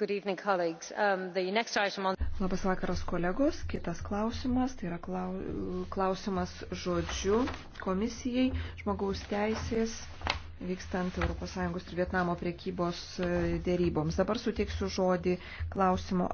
Um, Labas vakaras kolegos. Kitas klausimas, tai yra klausimas žodžiu komisijai žmogaus teisės vykstant ES ir Vietnamo priekybos e, dėryboms. Dabar suteiksiu žodį klausimo.